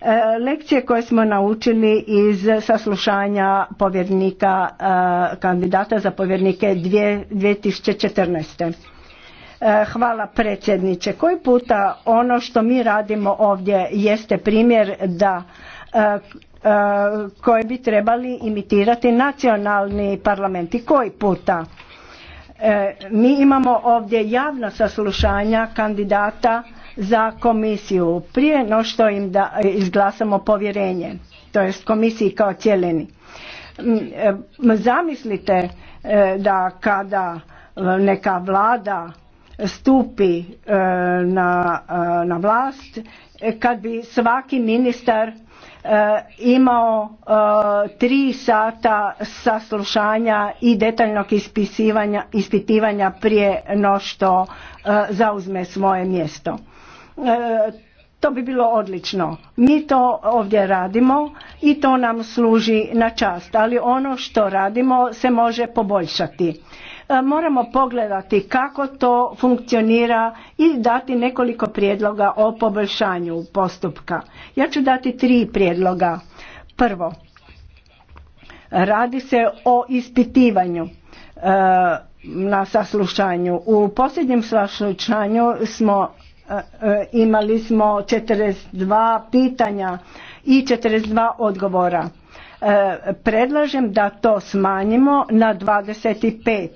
E, lekcije koje smo naučili iz saslušanja povjernika, e, kandidata za povjernike 2014. E, hvala predsjedniče. Koji puta ono što mi radimo ovdje jeste primjer da koje bi trebali imitirati nacionalni parlamenti. Koji puta? Mi imamo ovdje javna saslušanja kandidata za komisiju prije no što im da izglasamo povjerenje, to jest komisiji kao cjelini. Mm, e, zamislite e, da kada e, neka vlada stupi na, na vlast, kad bi svaki ministar imao tri sata saslušanja i detaljnog ispitivanja prije no što zauzme svoje mjesto. E, to bi bilo odlično. Mi to ovdje radimo i to nam služi na čast, ali ono što radimo se može poboljšati. E, moramo pogledati kako to funkcionira i dati nekoliko prijedloga o poboljšanju postupka. Ja ću dati tri prijedloga. Prvo, radi se o ispitivanju e, na saslušanju. U posljednjem saslušanju smo E, e, imali smo 42 pitanja i 42 odgovora. E, predlažem da to smanjimo na 25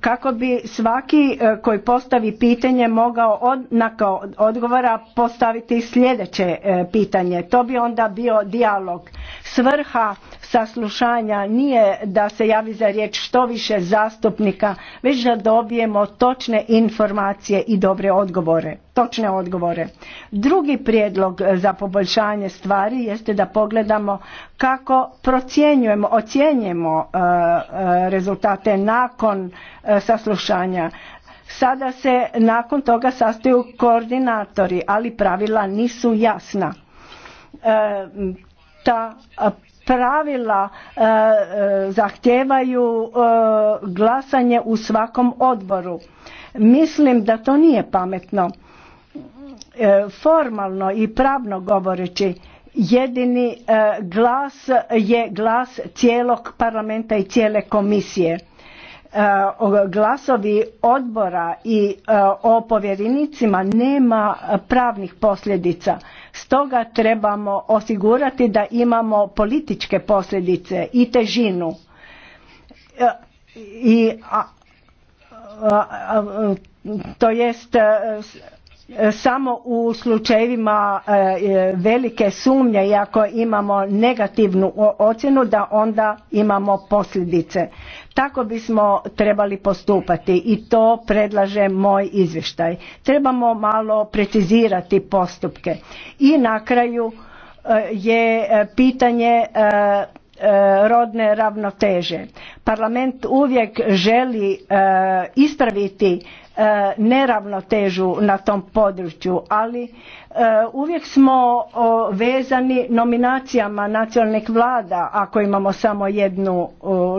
kako bi svaki koji postavi pitanje mogao od, nakon odgovora postaviti sljedeće pitanje. To bi onda bio dijalog. Svrha saslušanja nije da se javi za riječ što više zastupnika, već da dobijemo točne informacije i dobre odgovore, točne odgovore. Drugi prijedlog za poboljšanje stvari jeste da pogledamo kako procjenjujemo, ocjenjujemo e, e, rezultate nakon e, saslušanja. Sada se nakon toga sastaju koordinatori, ali pravila nisu jasna. ta pravila e, e, zahtijevaju e, glasanje u svakom odboru. Mislim da to nije pametno. Formalno i pravno govoreći, jedini glas je glas cijelog parlamenta i cijele komisije. Glasovi odbora i o povjerenicima nema pravnih posljedica Stoga trebamo osigurati da imamo političke posljedice i težinu. E, I, to jest e, E, samo u slučajevima e, e, velike sumnje i ako imamo negativnu ocjenu da onda imamo posljedice. Tako bismo trebali postupati i to predlaže moj izvještaj. Trebamo malo precizirati postupke. I na kraju je pitanje rodne ravnoteže. Parlament uvijek želi ispraviti E, neravnotežu na tom području, ali e, uvijek smo vezani nominacijama nacionalnih vlada ako imamo samo jednu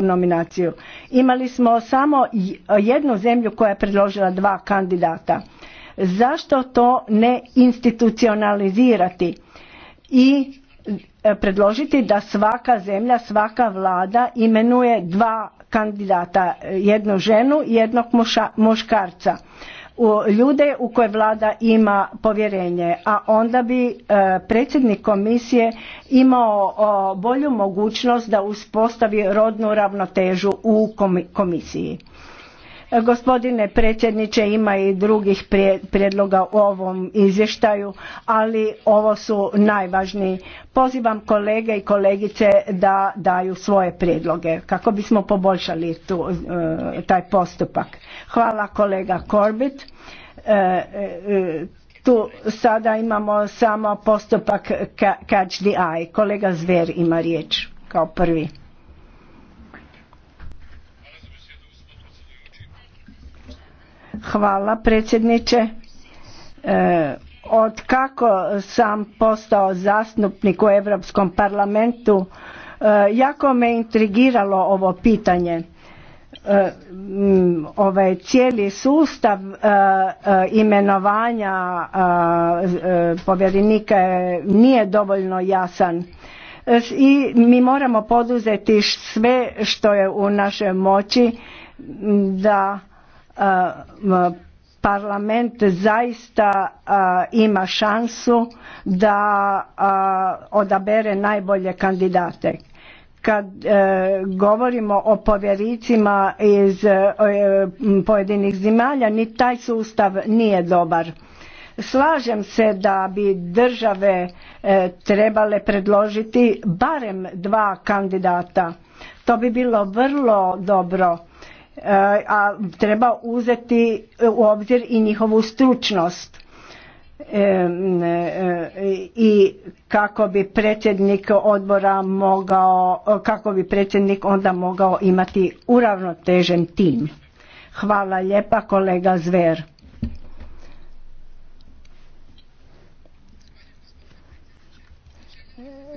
nominaciju. Imali smo samo jednu zemlju koja je predložila dva kandidata. Zašto to ne institucionalizirati i e, predložiti da svaka zemlja, svaka vlada imenuje dva kandidata, e, jednu ženu i jednog muškarca u ljude u koje vlada ima povjerenje, a onda bi e, predsjednik komisije imao o, bolju mogućnost da uspostavi rodnu ravnotežu u komisiji. Gospodine predsjedniče, ima i drugih prijedloga u ovom izvještaju, ali ovo su najvažniji. Pozivam kolege i kolegice da daju svoje prijedloge kako bismo poboljšali tu, e, taj postupak. Hvala kolega Corbett. E, e, tu sada imamo samo postupak catch the eye. Kolega Zver ima riječ kao prvi. Hvala predsjedniče. E, od kako sam postao zastupnik u Europskom parlamentu, e, jako me intrigiralo ovo pitanje. E, ovaj cijeli sustav imenovanja povjerenika nije dovoljno jasan i mi moramo poduzeti sve što je u našoj moći da parlament zaista ima šansu da odabere najbolje kandidate kad e, govorimo o povjericima iz e, pojedinih zemalja ni taj sustav nije dobar slažem se da bi države e, trebale predložiti barem dva kandidata to bi bilo vrlo dobro a treba uzeti u obzir i njihovu stručnost e, i kako bi predsjednik odbora mogao, kako bi predsjednik onda mogao imati uravnotežen tim. Hvala lijepa kolega Zver.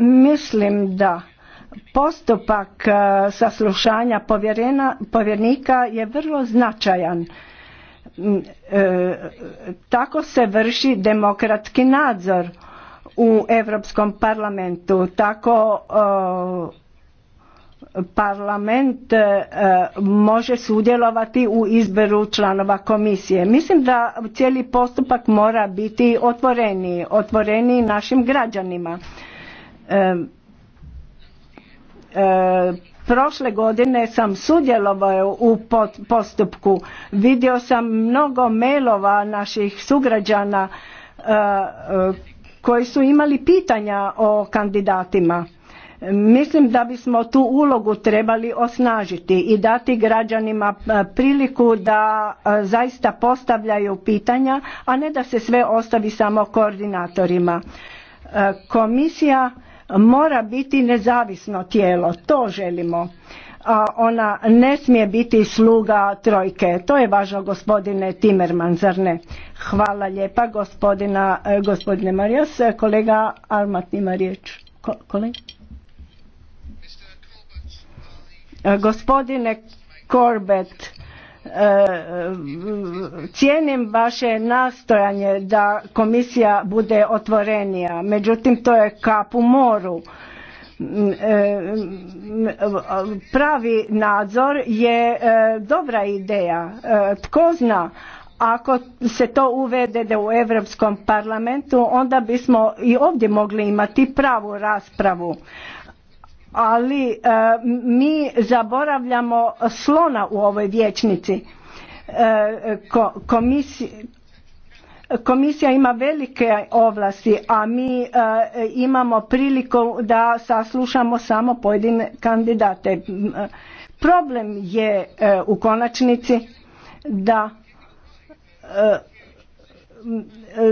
Mislim da postupak e, saslušanja povjernika je vrlo značajan. Mm, e, tako se vrši demokratski nadzor u Europskom parlamentu. Tako e, parlament može sudjelovati u izboru članova komisije. Mislim da cijeli postupak mora biti otvoreniji, otvoreniji našim građanima. E, prošle godine sam sudjelovao u postupku. Vidio sam mnogo mailova naših sugrađana e, e, koji su imali pitanja o kandidatima. Mislim da bismo tu ulogu trebali osnažiti i dati građanima priliku da zaista postavljaju pitanja, a ne da se sve ostavi samo koordinatorima. Komisija mora biti nezavisno tijelo, to želimo. A ona ne smije biti sluga trojke. To je važno gospodine Timerman, zar ne? Hvala lijepa gospodina, e, gospodine Marijas. E, kolega Armat ima riječ. kolega? E, gospodine Corbett, cijenim vaše nastojanje da komisija bude otvorenija međutim to je kap u moru mm, e, mm, pravi nadzor je e, dobra ideja e, tko zna ako se to uvede u Europskom parlamentu onda bismo i ovdje mogli imati pravu raspravu ali e, mi zaboravljamo slona u ovoj vječnici. E, komisija, komisija ima velike ovlasti, a mi e, imamo priliku da saslušamo samo pojedine kandidate. Problem je u konačnici da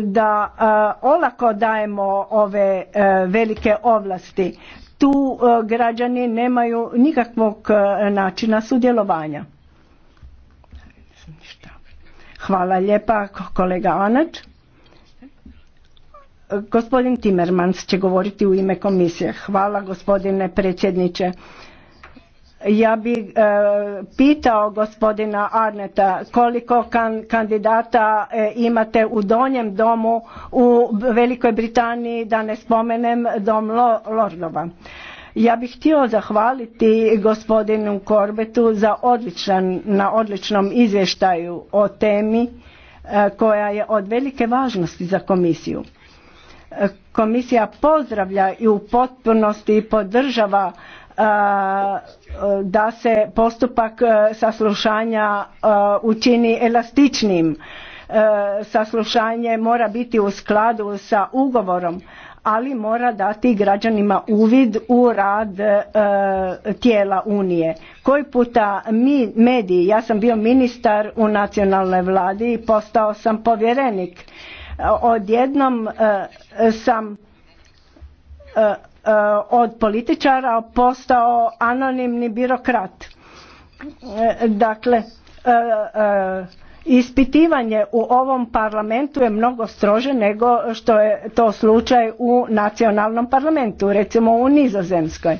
da olako dajemo ove velike ovlasti tu e, građani nemaju nikakvog e, načina sudjelovanja. Hvala lijepa kolega Anač. E, gospodin Timmermans će govoriti u ime komisije. Hvala gospodine predsjedniče. Ja bih e, pitao gospodina Arneta koliko kandidata e, imate u donjem domu u Velikoj Britaniji, da ne spomenem dom Lordova. Ja bih htio zahvaliti gospodinu Korbetu za odličan, na odličnom izvještaju o temi e, koja je od velike važnosti za komisiju. Komisija pozdravlja i u potpunosti podržava da se postupak saslušanja učini elastičnim. Saslušanje mora biti u skladu sa ugovorom, ali mora dati građanima uvid u rad tijela Unije. Koji puta mi, mediji, ja sam bio ministar u nacionalnoj vladi i postao sam povjerenik. Odjednom sam Eh, od političara postao anonimni birokrat. Eh, dakle, eh, ispitivanje u ovom parlamentu je mnogo strože nego što je to slučaj u nacionalnom parlamentu, recimo u Nizozemskoj.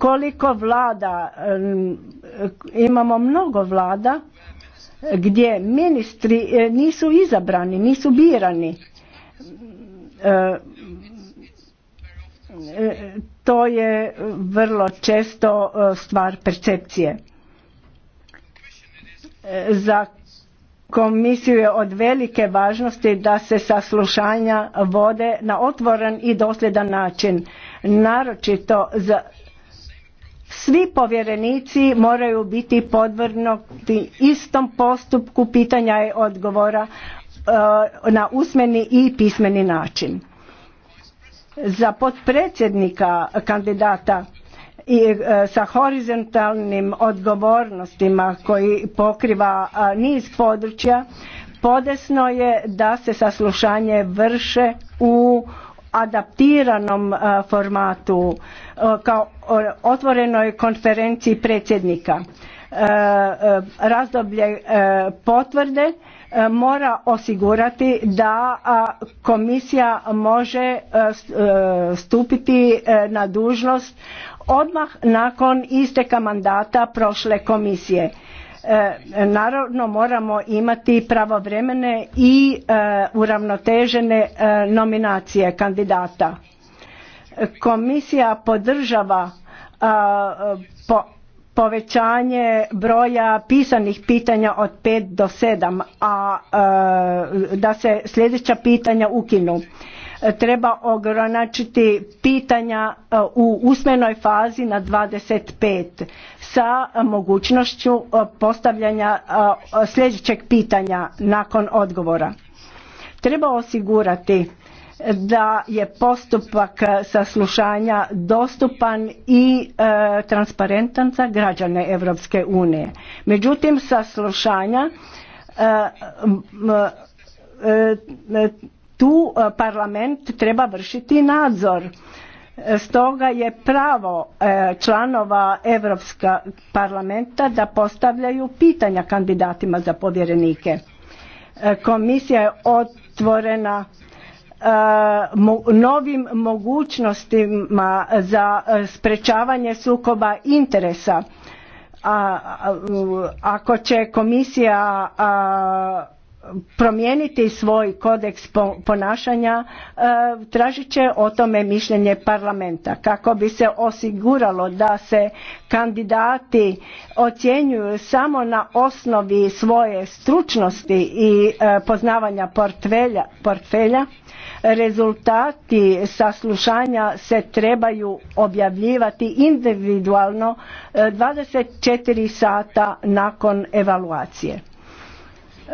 koliko vlada, imamo mnogo vlada gdje ministri nisu izabrani, nisu birani to je vrlo često e, stvar percepcije. Za komisiju je od velike važnosti da se saslušanja vode na otvoren i dosljedan način. Naročito za svi povjerenici moraju biti podvrnuti istom postupku pitanja i odgovora Eh, na usmeni i pismeni način. Za potpredsjednika kandidata i eh, sa horizontalnim odgovornostima koji pokriva eh, niz područja podesno je da se saslušanje vrše u adaptiranom formatu kao otvorenoj konferenciji predsjednika E, e, razdoblje e, potvrde mora osigurati da komisija može stupiti na dužnost odmah nakon isteka mandata prošle komisije. Naravno moramo imati pravovremene i uravnotežene nominacije kandidata. Komisija podržava po povećanje broja pisanih pitanja od 5 do 7, a e, da se sljedeća pitanja ukinu. Treba ograničiti pitanja e, u usmenoj fazi na 25 sa mogućnošću e, postavljanja sljedećeg pitanja nakon odgovora. Treba osigurati da je postupak saslušanja dostupan i e, transparentan za građane Europske unije. Međutim, saslušanja e, e, tu parlament treba vršiti nadzor. Stoga je pravo članova Europska parlamenta da postavljaju pitanja kandidatima za povjerenike. Komisija je otvorena E, novim mogućnostima za e, sprečavanje sukoba interesa. ako će komisija promijeniti svoj kodeks ponašanja e, tražit će o tome mišljenje parlamenta kako bi se osiguralo da se kandidati ocjenjuju samo na osnovi svoje stručnosti i e, poznavanja portfelja, rezultati saslušanja se trebaju objavljivati individualno 24 e, sata nakon evaluacije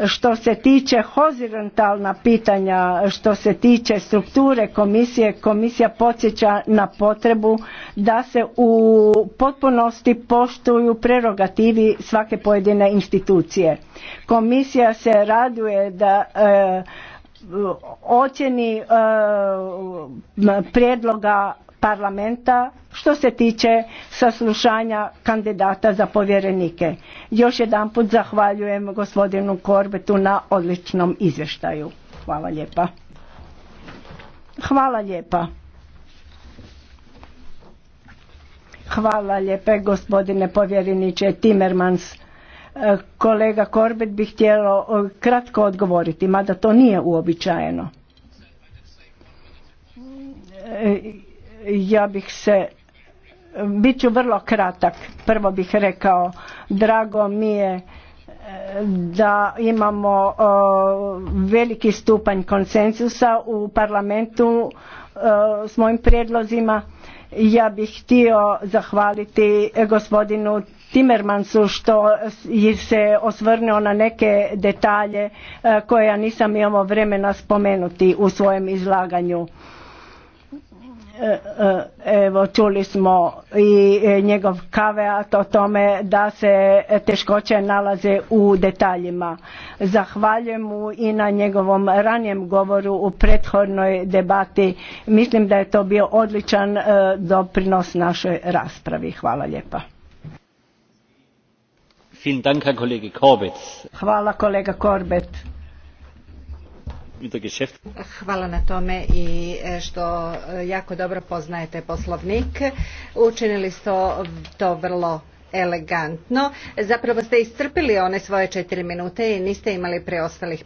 što se tiče horizontalna pitanja, što se tiče strukture komisije, komisija podsjeća na potrebu da se u potpunosti poštuju prerogativi svake pojedine institucije. Komisija se raduje da e, ocjeni e, prijedloga parlamenta što se tiče saslušanja kandidata za povjerenike. Još jedanput zahvaljujem gospodinu Korbetu na odličnom izvještaju. Hvala lijepa. Hvala lijepa. Hvala lijepe gospodine povjereniče Timermans. E, kolega Korbet bi htjelo e, kratko odgovoriti, mada to nije uobičajeno e, ja bih se bit ću vrlo kratak prvo bih rekao drago mi je e, da imamo veliki stupanj konsenzusa u parlamentu e, s mojim prijedlozima ja bih htio zahvaliti gospodinu Timmermansu što se osvrnuo na neke detalje e, koje ja nisam imao vremena spomenuti u svojem izlaganju E, e, evo, čuli smo i e, njegov kaveat o tome da se teškoće nalaze u detaljima. Zahvaljujem mu i na njegovom ranijem govoru u prethodnoj debati. Mislim da je to bio odličan doprinos našoj raspravi. Hvala lijepa. Hvala kolega Korbet. Hvala na tome i e, što e, jako dobro poznajete poslovnik. Učinili ste to vrlo elegantno. Zapravo ste iscrpili one svoje četiri minute i niste imali preostalih